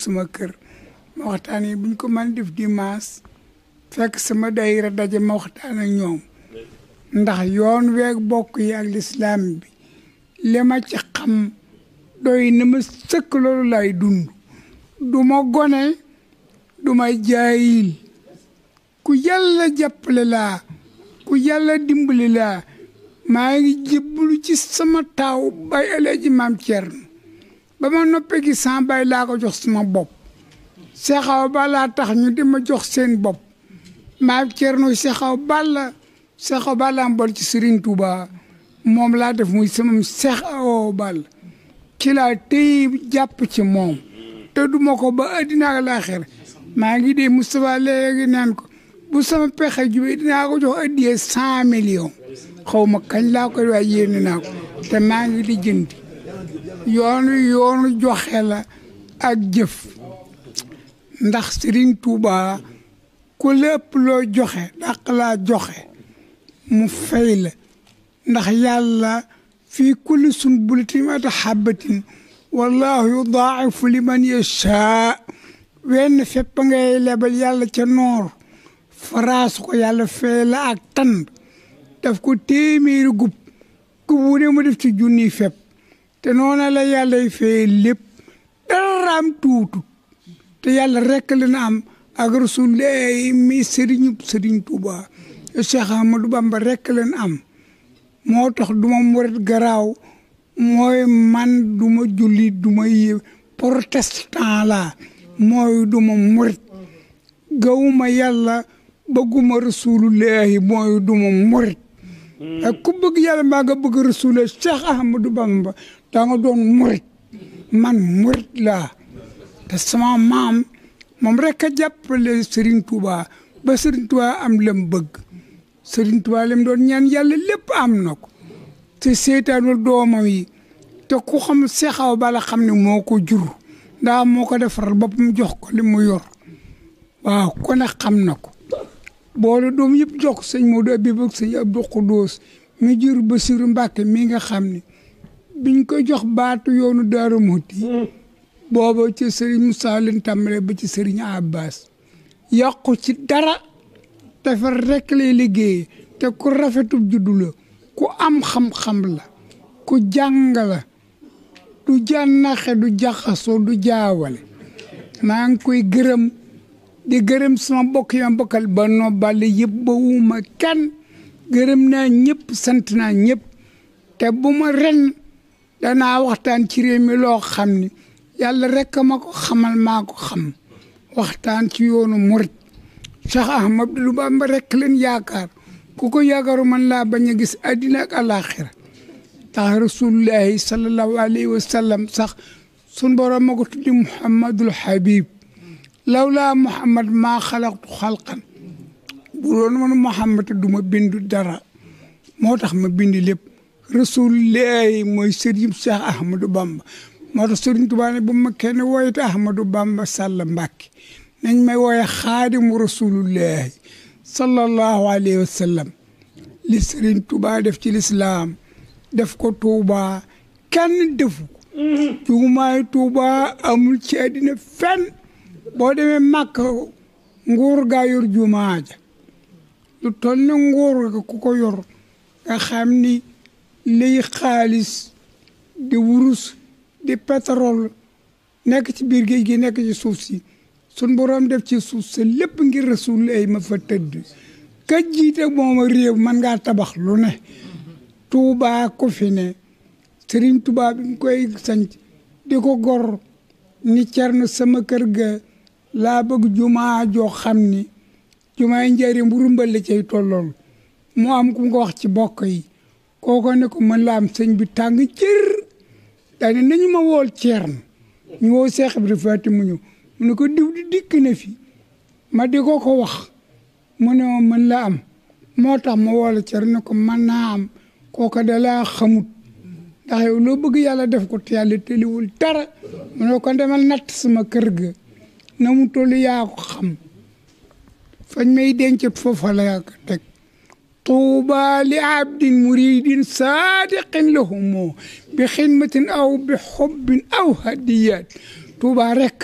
sama kër ma waxtaan yi buñ ko man def dimanche fekk sama dayira daje ma waxtaan ak ñoom ndax yoon weeg bokk yi ak lislaam bi li ci xam doy na ma sëkk loolu lay dund du gone may jaayil ku yàlla jàppale laa ku yàlla dimbali laa maa ngi jébbalu ci sama taaw bay Alaaji Maam Cerno ba ma noppee gi san bay laa ko jox sama bopp Seexaw Ba laa tax ñu di ma jox seen bopp Maam Cerno Seexaw Ba la Seexaw Ba laa mbol ci Sëriñ Tuuba moom laa def muy sama Seexaw Ba la ci jàpp ci moom te duma ko ba àddina laa xer maa ngi dee Moustapha léegi naan ko bu sama pexe jubee dinaa ko jox addiyee cent millions xaw ma kañ laa koy waaye yéene naa ko te maa ngi di jëndi yoonu yoonu joxe la ak jëf ndax Serigne Touba ku lépp loo joxe dàq laa joxe mu fay la ndax yàlla fii kulli sumbulatin mata xabbatin wallahu yudaa'ifu liman yashaa wenn fépp ngay lebal yàlla ca noor faraas ko yàlla fee la ak tan daf ko téeméeri gub gub wu ne mu def ci junni fepp te noona la yàlla y fee lépp dara am te yàlla rekk la na am ak rasul mi sëriñu sëriñ Tuuba Cheikh Ahmadou Bamba rekk la am moo tax du ma murit garaaw mooy man du ma jullit du ma mooy duma murit gawuma yàlla bëgguma rasulullahi mooy duma murit mm. ku bëgg yàlla maa nga bëgg rasulullahi Cheikh ba Bamba daa nga doon murit man murit laa te sama maam moom rek a jàppale Serigne Touba ba Serigne Touba am lam bëgg Serigne Touba lam doon ñaan yàlla lépp am na ko te seetaanul doomam yi te ku xam Cheikh Awa Balla xam ne moo ko jur daa moo ko defaral mu jox ko li mu yor waaw kon nag xam na ko boole doom yëpp jox ko sëñ Modou Habib ak sëñ Abdou Khoudous mi jur Bassirou Mbacké mi nga xam ni biñ ko jox baatu yoonu Darou Mouhty booba ci Serigne Moussa leen tàmbalee ba ci Serigne Abbas yàqu ci dara defar rek lay liggéey te ku rafetub juddu la ku am xam-xam la ku jàng la du jànnaxe du jaxasoo du jaawale maa ngi koy gërëm di gërëm sama mbokk yi bokkal ba noo bale yëpp ba wuma kenn gërëm naa ñëpp sant naa ñëpp te bu ma ren danaa waxtaan ci réew mi loo xam ni yàlla rek ma ko xamal maa ko xam waxtaan ci yoonu murit Cheikh Ahmadou Bamba rek leen yaakaar ku ko yaakaaru man laa bañ a gis addina ak ndax rasulullahi sallallahu alayhi wa sallam sax sun borom ma ko tuddi muhammadul habib lawlaa muhammad maa xalaqtu xalqan bu doon man muhammad du ma bindu dara moo tax ma bindi lépp rasulullahi mooy sëriñ Cheikh Ahmadou Bamba moo tax sëriñ Tuubaa ne bu ma kenn wooyte Bamba Sàll Mbàkke nañ may wooye xaadimu rasulullahi sallallahu alayhi wa li sëriñ Tuubaa def ci lislaam def ko Touba kenn defu mhm. jumaay Touba amul ci àddina fenn boo demee màkk nguur gaa yor jumaa ja lu toll ne nguur ga ko yor nga xam ni liy xaalis di wurus di pétrole nekk ci biir géej gi nekk ci suuf si sun borom def ci suuf sa lépp ngir rasul ay ma fa tëdd ka jiite mooma réew mën ngaa tabax lu ne Touba ko fi ne Serigne Touba bi koy sañc di ko gor ni Cerno sama kër ga laa bëgg jumaa joo xam ni jumaay njëriñ bu rumbal la cay tollool mu am ku ko wax ci bokk yi kooko ne ko mën la am sëñ bi tàng jër daane nañu ma wool na ñu woo Seex Ibra Faati mu ñëw mu ne ko diw di dikk fi ma di ko ko wax mu ne mën la am moo tax ma woola Cerno ne ko mën naa am kooka da laa xamut ndax loo bëgg yàlla def ko te yàlla tëliwul dara mu ne ko natt sama kër ga na mu toll yaa ko fañ may denc foofa la yaa ko teg tuuba li abdin muridin saadiqin lahumoo bi xidmatin aw bi xobbin aw hadiyaat tuuba rekk